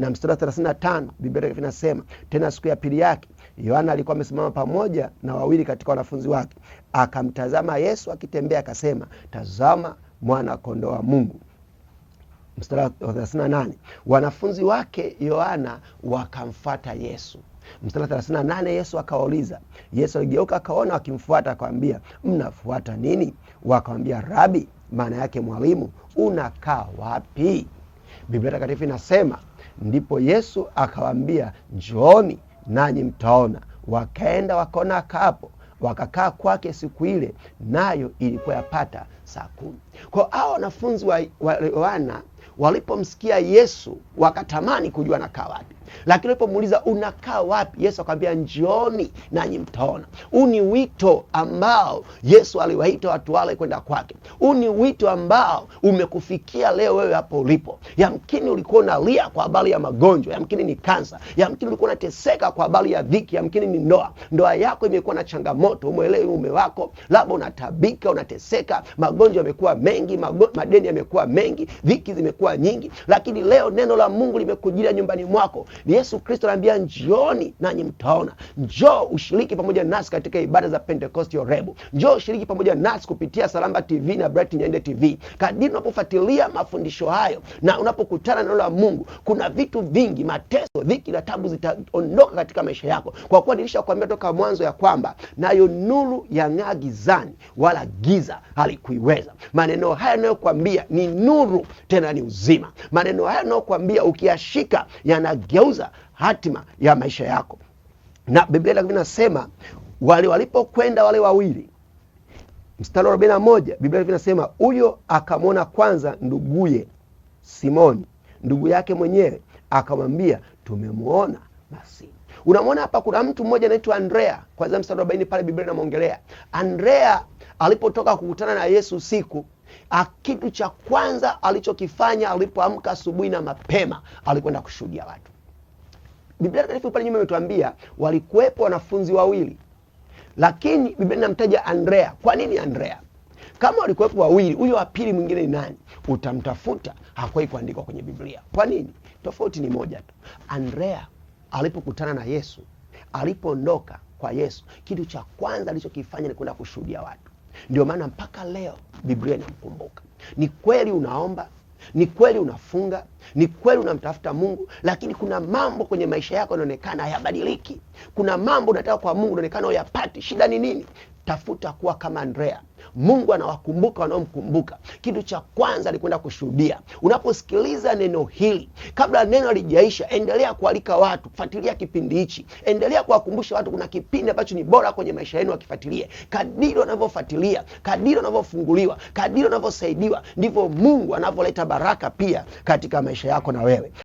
na mstari wa 35 Biblia inasema tena, siku ya pili yake Yohana alikuwa amesimama pamoja na wawili katika wanafunzi wake, akamtazama Yesu akitembea, akasema, tazama mwana kondoo wa Mungu. Mstari wa 38 wanafunzi wake Yohana wakamfata Yesu. Mstari wa 38 Yesu akawauliza, Yesu aligeuka akaona wakimfuata, akawambia mnafuata nini? Wakawambia Rabi, maana yake mwalimu, unakaa wapi? Biblia Takatifu inasema Ndipo Yesu akawaambia, njooni nanyi mtaona. Wakaenda wakaona akapo wakakaa kwake siku ile, nayo ilikuwa yapata saa kumi. Kwa hao wanafunzi wa Yohana walipomsikia Yesu wakatamani kujua nakaa wapi lakini ulipomuuliza unakaa wapi, Yesu akamwambia njioni nanyi mtaona. Huu ni wito ambao Yesu aliwaita watu wale kwenda kwake. Huu ni wito ambao umekufikia leo wewe hapo ulipo. Yamkini ulikuwa unalia kwa habari ya magonjwa, yamkini ni kansa, yamkini ulikuwa unateseka kwa habari ya dhiki, yamkini ni ndoa, ndoa yako imekuwa na changamoto, umwelewi mume wako, labda unatabika, unateseka, magonjwa yamekuwa mengi, mago, madeni yamekuwa mengi, dhiki zimekuwa nyingi, lakini leo neno la Mungu limekujia nyumbani mwako. Yesu Kristo anaambia njooni nanyi mtaona. Njoo ushiriki pamoja nasi katika ibada za Pentecost Yorebu. Njoo ushiriki pamoja nasi kupitia Salamba TV na Bright Nyende TV. Kadiri unapofuatilia mafundisho hayo na unapokutana na neno la Mungu, kuna vitu vingi, mateso, dhiki na tabu zitaondoka katika maisha yako, kwa kuwa nilishakwambia toka mwanzo ya kwamba nayo nuru yang'aa gizani, wala giza halikuiweza. Maneno haya yanayokwambia ni nuru, tena ni uzima. Maneno haya ninayokwambia ukiyashika yanageuza kuzungumza hatima ya maisha yako, na Biblia inasema wale walipokwenda wale wawili, mstari wa arobaini na moja Biblia inasema huyo akamwona kwanza nduguye Simoni, ndugu yake mwenyewe, akamwambia tumemwona Masihi. Unamwona hapa kuna mtu mmoja anaitwa Andrea, kwanza mstari wa arobaini pale Biblia inamwongelea Andrea alipotoka kukutana na Yesu usiku kitu cha kwanza alichokifanya alipoamka asubuhi na mapema alikwenda kushuhudia watu. Biblia takatifu pale nyuma imetuambia walikuwepo wanafunzi wawili, lakini Biblia inamtaja Andrea. Kwa nini Andrea? Kama walikuwepo wawili, huyo wa pili mwingine ni nani? Utamtafuta, hakuwahi kuandikwa kwenye Biblia. Kwa nini? Tofauti ni moja tu. Andrea alipokutana na Yesu, alipoondoka kwa Yesu, kitu cha kwanza alichokifanya ni kwenda kushuhudia watu. Ndio maana mpaka leo Biblia inamkumbuka. Ni kweli unaomba ni kweli unafunga, ni kweli unamtafuta Mungu, lakini kuna mambo kwenye maisha yako yanaonekana hayabadiliki. Kuna mambo unataka kwa Mungu unaonekana uyapati. Shida ni nini? Tafuta kuwa kama Andrea. Mungu anawakumbuka wanaomkumbuka. Kitu cha kwanza alikwenda kushuhudia. Unaposikiliza neno hili, kabla neno halijaisha, endelea kualika watu, fuatilia kipindi hichi, endelea kuwakumbusha watu. Kuna kipindi ambacho ni bora kwenye maisha yenu, wakifuatilie. Kadiri wanavyofuatilia, kadiri wanavyofunguliwa, kadiri wanavyosaidiwa, ndivyo Mungu anavyoleta baraka pia katika maisha yako na wewe.